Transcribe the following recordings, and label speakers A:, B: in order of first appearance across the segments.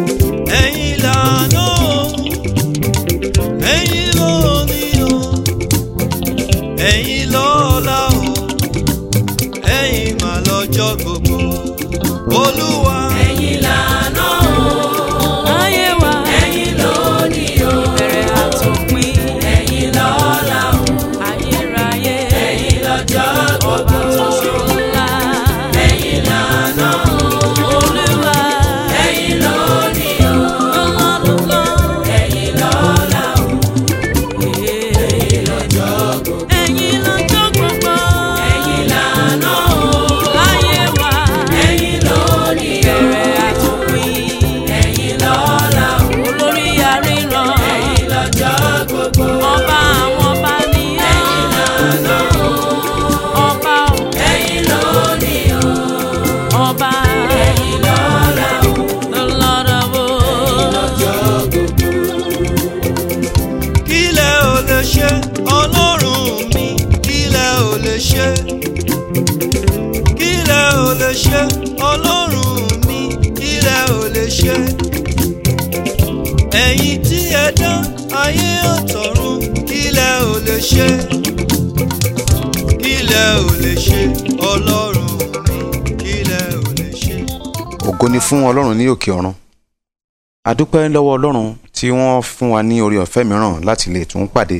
A: Thank you. ṣe ẹ̀yin tí ẹ dán ayé ọ̀tọ̀run kílẹ̀ ò lè ṣe kílẹ̀ ò lè ṣe ọlọ́run mi kílẹ̀ ò lè ṣe.
B: ògo ni fún ọlọ́run ní òkè ọ̀run a dúpẹ́ lọ́wọ́ ọlọ́run tí wọ́n fún wa ní oore ọ̀fẹ́ mìíràn láti lè tún pàdé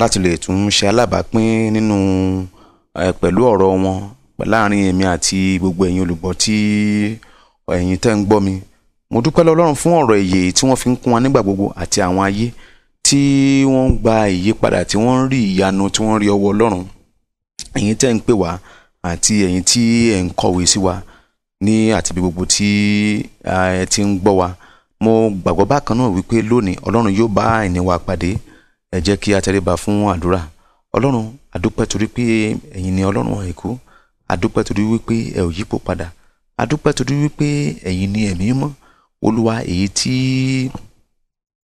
B: láti lè tún ṣe alábàápín nínú pẹ̀lú ọ̀rọ̀ wọn láàrin èmi àti gbogbo ẹ̀yin olùgbọ́ tí ẹ̀yin tẹ́ ń gbọ́ mi mo dúpẹ́ lọ́lọ́run fún ọ̀rọ̀ èyè tí wọ́n fi ń kún wa nígbà gbogbo àti àwọn ayé tí wọ́n ń gba ìyípadà tí wọ́n ń rí ìyanu tí wọ́n ń rí ọwọ́ ọlọ́run ẹ̀yin tẹ́ ń pè wá àti ẹ̀yin tí ẹ̀ ń kọ̀wé sí wa ní àtibí gbogbo tí ẹ ti ń gbọ́ wa mo gbàgbọ́ bákan náà wípé lónìí ọlọ́run yóò bá ìní wa pàdé ẹ jẹ́ kí a fún àdúrà ọlọ́run àdúpẹ́ torí pé ẹ̀yin ni ọlọ́run àìkú àdúpẹ́ torí wípé ẹ ò yípo padà àdúpẹ́ torí wípé ẹ̀yin ni ẹ̀mí mọ́ olúwa èyí tí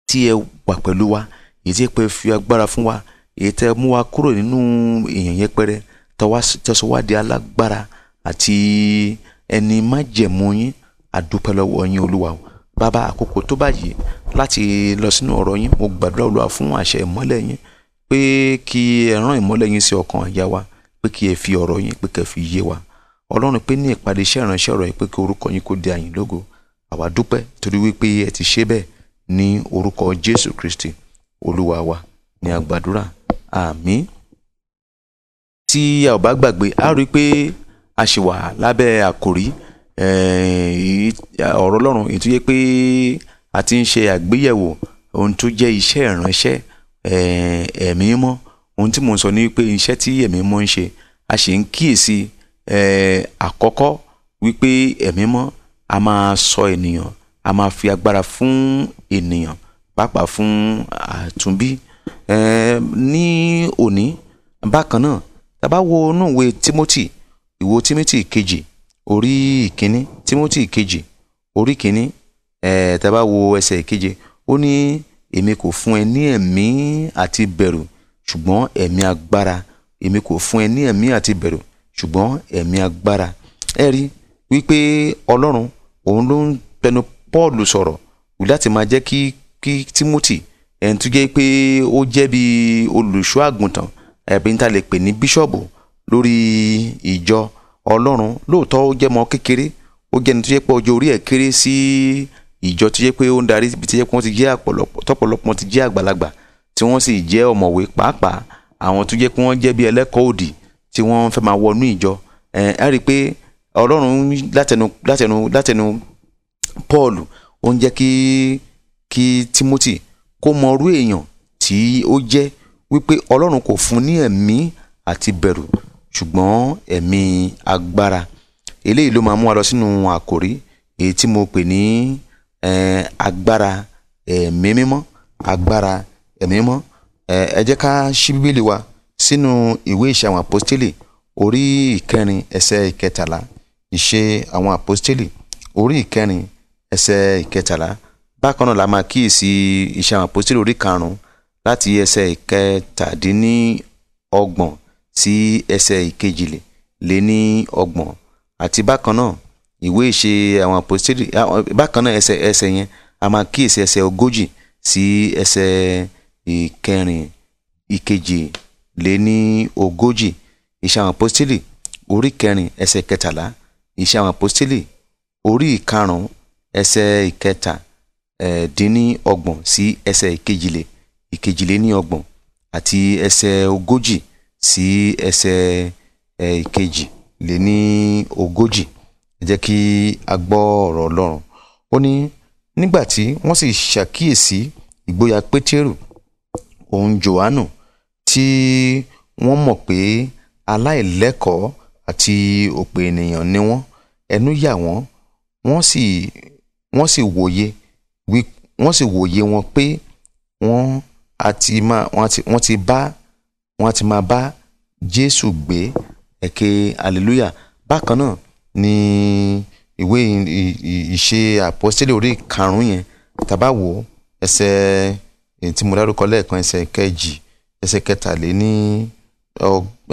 B: tí ẹ wà pẹ̀lú wa èyí tí ẹ fi agbára fún wa èyí tẹ mú wa kúrò nínú èèyàn yẹpẹrẹ tẹsọ wá di alágbára àti ẹni májẹ̀mú yín àdúpẹ́ lọ́wọ́ yín olúwa o bàbá àkókò tó báyìí láti lọ sínú ọ̀rọ̀ yín mo gbàdúrà olúwa fún àṣẹ ìmọ́lẹ̀ yín pé kí ẹ rán ìmọ́lẹ̀ yín sí ọkàn ìyá wa pé kí ẹ fi ọ̀rọ̀ yín pé kẹ́ fi yé wa ọlọ́run pé ní ìpàdé iṣẹ́ ìránṣẹ́ ọ̀rọ̀ yìí pé kí orúkọ yín kó di àyìn lógo àwa dúpẹ́ torí wípé ẹ ti ṣe bẹ́ẹ̀ ní orúkọ Jésù Kristi olúwa wa ni a gbàdúrà àmín tí a ò bá gbàgbé a rí i pé a ṣì wà lábẹ́ àkòrí eh, ọ̀rọ̀ Ọlọ́run ètò yẹ pé a ti ń ṣe àgbéyẹ̀wò ohun tó jẹ́ iṣẹ́ ìránṣẹ́ eh, ẹ̀mí mọ́ ohun tí mò ń sọ ni wípé iṣẹ́ tí ẹ̀mí mọ́ ń ṣe a sì ń kíyèsí eh, àkọ́kọ́ wípé ẹ̀mí mọ́ a máa sọ ènìyàn a máa fi agbára fún ènìyàn pàápàá fún àtúnbí ní òní bákan náà tá bá wo inú ìwé Timothy ìwo Timothy kejì orí ìkíní Timothy kejì orí ìkíní tá bá wo ẹsẹ̀ ìkeje ó ní èmi kò fún ẹ ní ẹ̀mí àti bẹ̀rù ṣùgbọ́n ẹ̀mí agbára èmi kò fún ẹ ní ẹ̀mí àti bẹ̀rù ṣùgbọ́n ẹ̀mí agbára ẹ rí wípé ọlọ́run òun ló ń pẹnu Paul sọ̀rọ̀ láti máa jẹ́ kí kí Timothy ẹni tó jẹ́ pé ó jẹ́ bí olùṣọ́ àgùntàn ẹ̀bí níta lè pè ní bíṣọ̀bù lórí ìjọ Ọlọ́run lóòótọ́ ó jẹ́ mọ́ kékeré ó jẹ́ ẹni tó jẹ́ pé ọjọ́ orí ẹ̀ kéré sí ìjọ tó jẹ́ pé ó ń darí ibi tó jẹ́ pé wọ́n ti jẹ́ tọ́pọ̀lọpọ̀ ti jẹ́ àgbàlagbà tí wọ́n sì jẹ́ ọ̀mọ̀wé pàápàá àwọn tó jẹ́ pé wọ́n jẹ́ bí ẹlẹ́kọ̀ọ́ òdì tí wọ́n fẹ́ máa wọnú ìjọ ẹ̀ ẹ́ rí i pé ọlọ́run látẹnu látẹnu látẹnu paul ó ń jẹ́ kí kí timothy kó mọ irú èèyàn tí ó jẹ́ wípé ọlọ́run kò fún ní ẹ̀mí àti bẹ̀rù ṣùgbọ́n ẹ̀mí agbára eléyìí ló máa mú wa lọ sínú àkòrí èyí tí mo pè ní agbára ẹ̀mí mímọ́ agbára ẹ̀mí mímọ́ ẹ ká ṣí bíbélì wa sínú ìwé ìṣe àwọn àpọ́stélì orí ìkẹrin ẹsẹ̀ ìkẹtàlá ìṣe àwọn àpọ́stélì orí ìkẹrin ẹsẹ̀ ìkẹtàlá bákan náà la máa kíyèsí ìṣe àwọn àpọ́stélì orí karùn-ún láti ẹsẹ̀ ìkẹtàdínníọgbọ̀n sí ẹsẹ̀ ìkejìlé lé ní ọgbọ̀n àti bákan náà ìwé ìṣe àwọn àpọ́stélì bákan náà ẹsẹ̀ ẹsẹ̀ yẹn a máa kíyèsí ẹsẹ̀ ogójì sí ẹsẹ̀ ìkẹrin ìkejì lé ní ogójì ìṣe àwọn àpọ́stélì orí kẹrin ẹsẹ̀ kẹtàlá iṣẹ́ àwọn àpọ́stélì orí ìkarùn-ún ẹsẹ̀ ìkẹta ẹ̀ẹ́dínníọgbọ̀n sí ẹsẹ̀ ìkejìlé ìkejìléníọgbọ̀n àti ẹsẹ̀ ogójì sí ẹsẹ̀ ìkejìléníogójì ẹ jẹ́ kí a gbọ́ ọ̀rọ̀ ọlọ́run ó ní nígbà tí wọ́n sì ṣàkíyèsí ìgboyà pétérù òun jòhánù tí wọ́n mọ̀ pé aláìlẹ́kọ̀ọ́ àti òpè ènìyàn ni wọ́n ẹnu yà wọ́n wọ́n sì wọ́n sì wòye wọ́n sì wòye wọn pé wọ́n àti máa wọ́n ti bá wọ́n àti máa bá Jésù gbé ẹ̀kẹ́ hallelujah bákan náà ni ìwé ìṣe àpọ́sítélì orí karùn-ún yẹn tàbá wò ẹsẹ̀ èyí tí mo dárúkọ lẹ́ẹ̀kan ẹsẹ̀ kẹjì ẹsẹ̀ kẹtàléní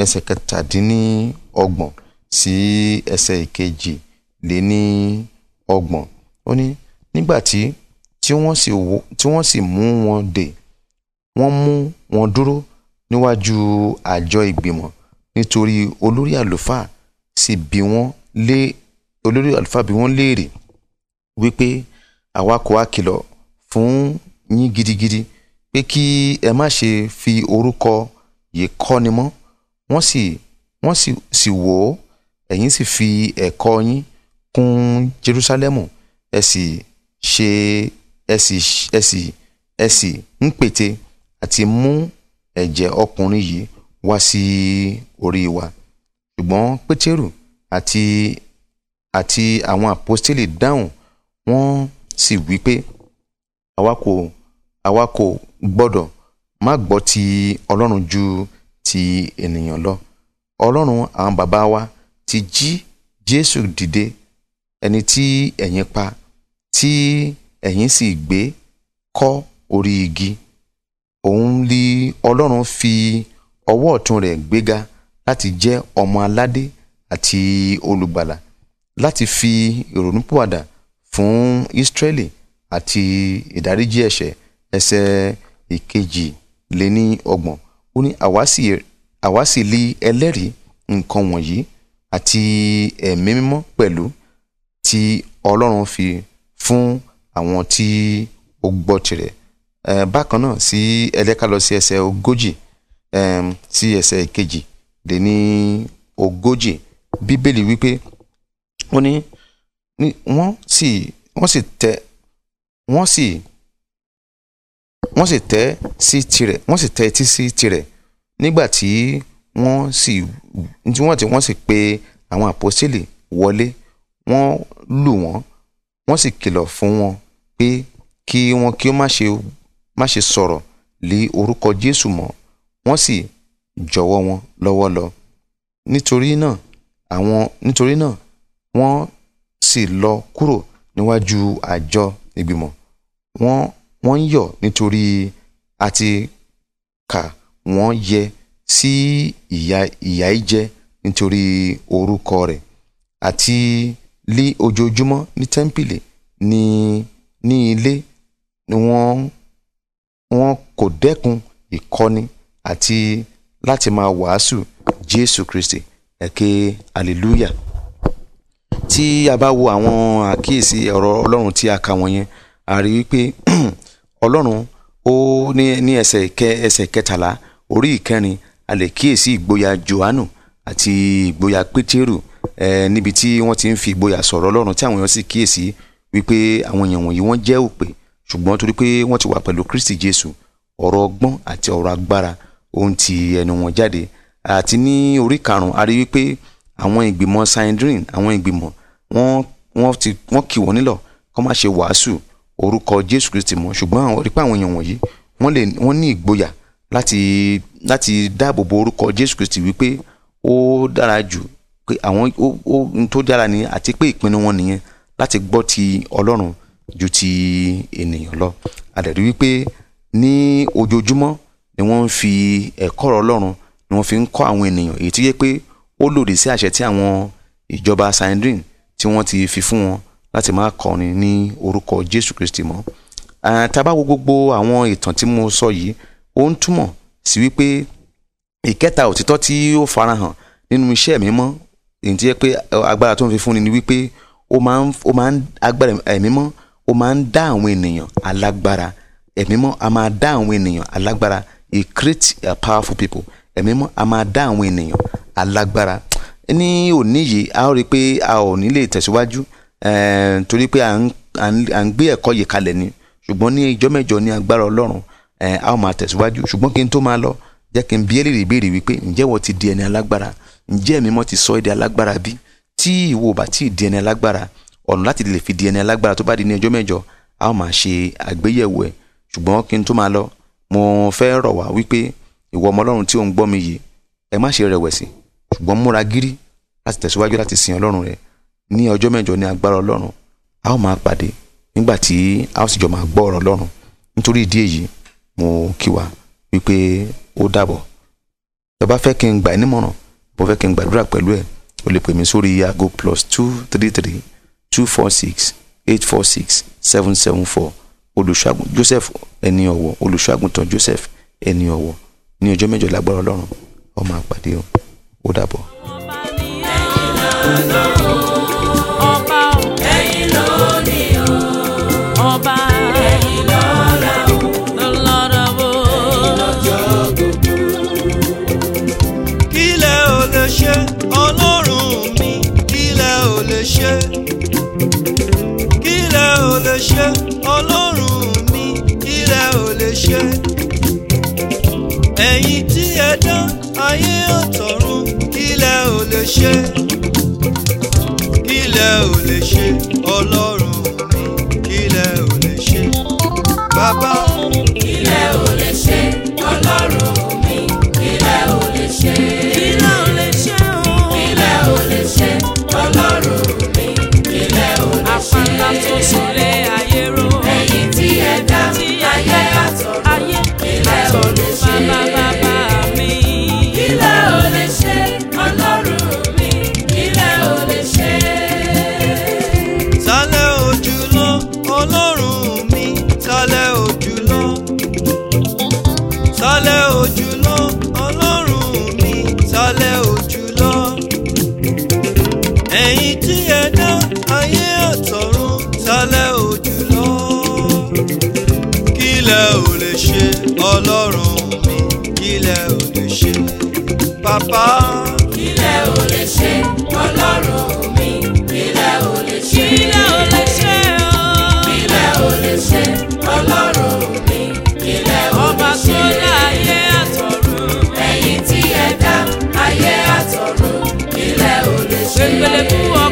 B: ẹsẹ̀ kẹtàdínní ọgbọ̀n sí ẹsẹ̀ ìkejì lé ní ọgbọ̀n ó ní nígbà tí tí wọ́n sì mú wọn dè wọ́n mú wọn dúró níwájú àjọ ìgbìmọ̀ nítorí olórí àlùfáà sì bi wọ́n lé olórí àlùfáà bi wọ́n léèrè wípé àwa kò wá kìlọ̀ fún yín gidigidi pé kí ẹ má ṣe fi orúkọ yìí kọ́ni mọ́ wọ́n sì wọ́n sì wò ó ẹ̀yin sì fi ẹ̀kọ́ yín kún jerúsálẹ́mù ẹ sì ṣe ẹ sì ẹ sì ẹ sì ń pète àti mú ẹ̀jẹ̀ ọkùnrin yìí wá sí orí wa ṣùgbọ́n pétérù àti àti àwọn àpọ́stélì dáhùn wọ́n sì wí pé àwa kò àwa kò gbọ́dọ̀ má gbọ́ ti ọlọ́run ju ti ènìyàn lọ ọlọ́run àwọn bàbá wa ti jí jésù dìde ẹni tí ẹ̀yin pa tí ẹ̀yin sì gbé kọ́ orí igi òun ni ọlọ́run fi ọwọ́ ọ̀tún rẹ̀ gbéga láti jẹ́ ọmọ aládé àti olùgbàlà láti fi ìrònúpìwàdà fún Ísírẹ́lì àti ìdáríjì ẹ̀ṣẹ̀ ẹsẹ̀ ìkejì lé ní ọgbọ̀n ó ní àwa sì li ẹlẹ́rìí nǹkan wọ̀nyí àti ẹ̀mí mímọ́ pẹ̀lú tí Ọlọ́run fi fún àwọn tí ó gbọ́ tirẹ̀ bákan náà sí ẹlẹ́ka lọ sí ẹsẹ̀ ogójì sí ẹsẹ̀ kejì lé ní ogójì bíbélì wípé ó ní wọ́n sì wọ́n sì tẹ wọ́n sì wọ́n sì tẹ́ sí tirẹ̀ wọ́n sì tẹ́ etí sí tirẹ̀ nígbà tí wọ́n sì wọ́n ti wọ́n sì pe àwọn àpọ́sítélì wọlé wọ́n lù wọ́n wọ́n sì kìlọ̀ fún wọn pé kí wọn kí ó má ṣe sọ̀rọ̀ lé orúkọ Jésù mọ́ wọ́n sì jọ̀wọ́ wọn lọ́wọ́ lọ nítorí náà àwọn nítorí náà wọ́n sì lọ kúrò níwájú àjọ ìgbìmọ̀ wọ́n wọ́n ń yọ̀ nítorí àti kà wọ́n yẹ sí ìyà ìyà ìjẹ nítorí orúkọ rẹ̀ àti lé ojoojúmọ́ ní tẹ́ḿpìlì ní ní ilé ni wọ́n wọn kò dẹ́kun ìkọ́ni àti láti máa wàásù Jésù Kristi ẹ̀kẹ́ hallelujah tí a bá wo àwọn àkíyèsí ọ̀rọ̀ Ọlọ́run tí a kà wọ̀nyẹn a rí wípé Ọlọ́run ó ní ní ẹsẹ̀ kẹ ẹsẹ̀ kẹtàlá orí ìkẹrin a lè kíyèsí ìgboyà Jòhánù àti ìgboyà Pétérù níbi tí wọ́n ti ń fi ìgboyà sọ̀rọ̀ ọlọ́run tí àwọn èèyàn sì kíyèsí wípé àwọn èèyàn wọ̀nyí wọ́n jẹ́ òpè ṣùgbọ́n torí pé wọ́n ti wà pẹ̀lú Kristi Jésù ọ̀rọ̀ ọgbọ́n àti ọ̀rọ̀ agbára ó ń ti ẹnu wọn jáde àti ní orí karùn-ún a rí wípé àwọn ìgbìmọ̀ Sanhedrin àwọn ìgbìmọ̀ wọ́n ti wọ́n kì wọ́n nílọ̀ kó má ṣe wàásù orúkọ Jésù Kristi mọ́ ṣùgbọ́n àwọn rí pé àwọn èèyàn wọ̀nyí wọ́n lè wọ́n ní ìgboyà láti láti dáàbò orúkọ Jésù Kristi wípé ó dára jù pé àwọn ó tó dára ni àti pé ìpinnu wọn nìyẹn láti gbọ́ ti ọlọ́run ju ti ènìyàn lọ àdàdí wípé ní ojoojúmọ́ ni wọ́n ń fi ẹ̀kọ́ ọlọ́run ni wọ́n fi ń kọ́ àwọn ènìyàn èyí tí yẹ pé ó lòdì sí àṣẹ tí àwọn ìjọba sandrine tí wọ́n ti fi fún wọn láti máa kọ́ni ní orúkọ Jésù Kristi mọ́ tá wo gbogbo àwọn ìtàn tí mo sọ yìí ó ń túmọ̀ sí wípé ìkẹta òtítọ́ tí ó farahàn nínú iṣẹ́ mímọ́ èyí tí yẹ pé agbára tó ń fi fúnni ni wípé ó máa ń ó máa ń agbára ẹ̀mí mọ́ ó máa ń dá àwọn ènìyàn alágbára ẹ̀mí mọ́ a máa dá àwọn ènìyàn alágbára he create a powerful people ẹ̀mí mọ́ a máa dá àwọn ènìyàn alágbára ní òní yìí a ó rí i pé a ò ní lè tẹ̀síwájú torí pé à ń gbé ẹ̀kọ́ yìí kalẹ̀ ni ṣùgbọ́n ní ìjọ́ mẹ́jọ ní agbára ọlọ́run a ó máa tẹ̀síwájú ṣùgbọ́n kí n tó máa lọ jẹ́ kí n bi ẹ́ lè rí ìbéèrè wípé ǹjẹ́ wọ́n ti di ẹni alágbára ǹjẹ́ ẹ̀mí mọ́ ti sọ ẹ́ di alágbára bí tí ìwọ ò bá tí ì di ẹni alágbára ọ̀nà láti lè fi di ẹni alágbára tó bá di ní ọjọ́ mẹ́jọ a ó máa ṣe àgbéyẹ̀wò ẹ̀ ṣùgbọ́n kí n tó máa lọ mo fẹ́ rọ̀ wá wípé ìwọ ọmọ ọlọ́run tí ò ń gbọ́ mi yìí ẹ má ṣe rẹ̀wẹ̀sì ṣùgbọ́n múra gírí láti tẹ̀síwájú láti sin ọlọ́run rẹ ní ọjọ́ mẹ́jọ ní agbára ọlọ́run a ó máa pàdé nígbà tí a ó sì jọ máa gbọ́ ọ̀rọ̀ ọlọ́run nítorí ìdí èyí mo kí wa wípé ó dàbọ̀ tẹ́ fẹ́ kí n gbà ẹ́ nímọ̀ràn bó fẹ́ kí n gbàdúrà pẹ̀lú ẹ̀ o lè pè mí sórí aago plus two three three two four six eight four six seven seven four olùṣọ́àgùn Joseph ẹni ọ̀wọ̀ olùṣọ́àgùntàn Joseph ẹni ọ̀wọ̀ ní ọjọ́ mẹ́jọ lágbára Ọlọ́run ọmọ àpàdé o ó dàbọ̀. ọba mi
A: ẹ̀yin náà ṣe ọlọ́run mi kílẹ̀ ò lè ṣe kílẹ̀ ò lè ṣe ọlọ́run mi kílẹ̀ ò lè ṣe ẹ̀yin tí ẹ dán ayé ọ̀tọ̀run kílẹ̀ ò lè ṣe kílẹ̀ ò lè ṣe ọlọ́run mi kílẹ̀ ò lè ṣe bàbá. kílẹ̀ ò lè ṣe bàbá. kílẹ̀ ò lè ṣe ọlọ́run mi kílẹ̀ ò lè ṣe. kílẹ̀ ò lè ṣe o. Oh. kílẹ̀ ò lè ṣe ọlọ́run mi kílẹ̀ ò lè ṣe. ọba tó dá ayé àtọ̀run. ẹ̀yin tí ẹ dá ayé àtọ̀run kílẹ̀ ò lè ṣe. pépélé fún ọ.